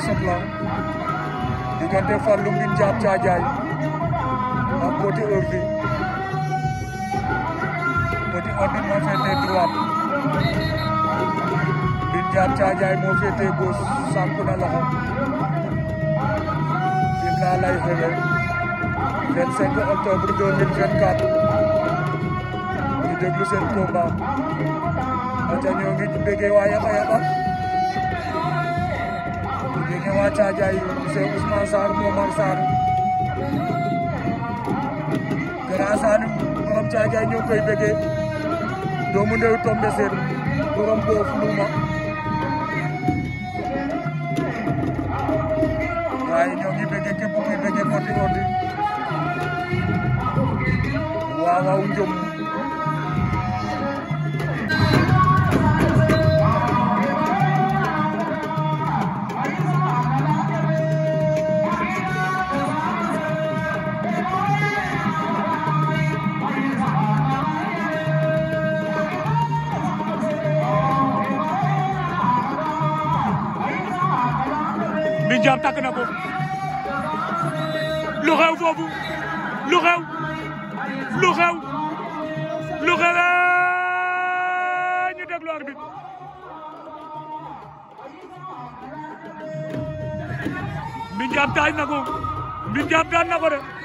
sebelah dengan Defar Lumbin Jab Jajai Bodi Urbi Bodi Ordi Mofete Duap Bin Jab Jajai Mofete Bus Sampuna Laho Jimla Lai Hele 25 Oktober 2024 ñu déglu seen combat aca ñoo ngi béggee waa Yaba Yaba waa Caajaay monsieur Ousmane Sarr Momar Sarr Grand Sane borom Caajaay ñoo koy bëggee doomu ndew tombe seen borom boof luuma waaye ñoo ngi bëggee képp kuy bëggee Foti Foti waaw waaw Njom Mbinjaan takk na ko lu foofu lu xew lu xew lu xewee ñu déglu arbitre taaj na ko Mbinjaan daan na ko de